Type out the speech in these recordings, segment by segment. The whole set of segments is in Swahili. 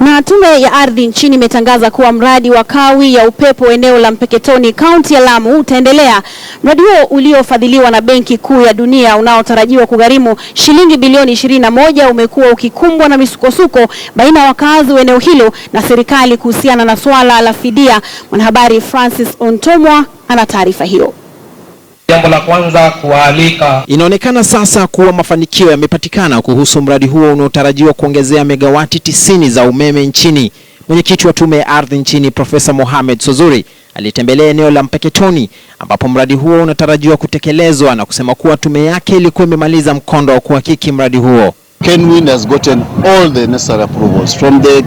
Na Tume ya Ardhi nchini imetangaza kuwa mradi wa kawi ya upepo eneo la Mpeketoni kaunti ya Lamu utaendelea. Mradi huo uliofadhiliwa na Benki Kuu ya Dunia unaotarajiwa kugharimu shilingi bilioni moja umekuwa ukikumbwa na misukosuko baina ya wakazi wa eneo hilo na serikali kuhusiana na swala la fidia. Mwanahabari Francis Ontomwa ana taarifa hiyo. Jambo la kwanza kuwaalika. Inaonekana sasa kuwa mafanikio yamepatikana kuhusu mradi huo unaotarajiwa kuongezea megawati tisini za umeme nchini. Mwenyekiti wa Tume ya Ardhi nchini Profesa Mohamed sozuri alitembelea eneo la Mpeketoni ambapo mradi huo unatarajiwa kutekelezwa na kusema kuwa tume yake ilikuwa imemaliza mkondo wa kuhakiki mradi huo. Kenwin has gotten all the necessary approvals from the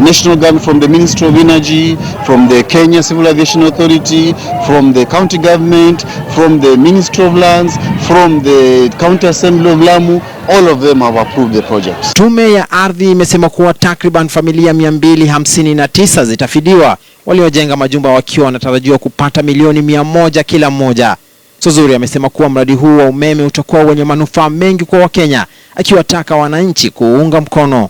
national government, from the Ministry of Energy, from the Kenya Civil Aviation Authority, from the county government, from the Ministry of Lands, from the County Assembly of Lamu. All of them have approved the project. Tume ya ardhi imesema kuwa takriban familia 259 zitafidiwa, waliojenga majumba wakiwa wanatarajiwa kupata milioni 100 kila mmoja. Sozuri amesema kuwa mradi huu wa umeme utakuwa wenye manufaa mengi kwa Wakenya, akiwataka wananchi kuunga mkono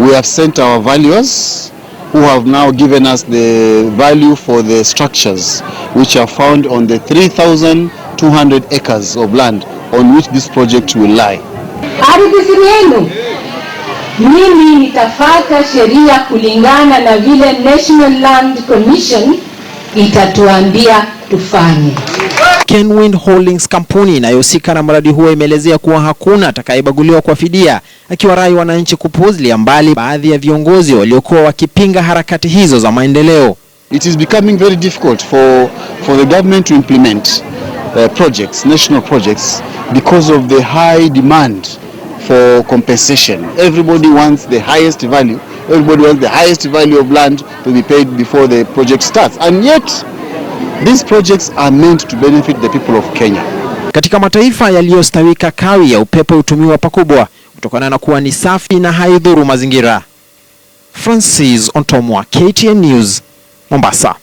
we have sent our valuers who have now given us the value for the structures which are found on the 3,200 acres of land on which this project will lie. Ardhi yenu mimi nitafata sheria kulingana na vile National Land Commission itatuambia tufanye. Kenwind Holdings kampuni inayohusika na mradi huo imeelezea kuwa hakuna atakayebaguliwa kwa fidia, akiwa rai wananchi kupuuzilia mbali baadhi ya viongozi waliokuwa wakipinga harakati hizo za maendeleo. It is becoming very difficult for, for the government to implement uh, projects, national projects because of the high demand for compensation. Everybody wants the highest value Everybody wants the highest value of land to be paid before the project starts. And yet, these projects are meant to benefit the people of Kenya. Katika mataifa yaliyostawika kawi ya upepo hutumiwa pakubwa kutokana na kuwa ni safi na haidhuru mazingira. Francis Ontomwa, KTN News, Mombasa.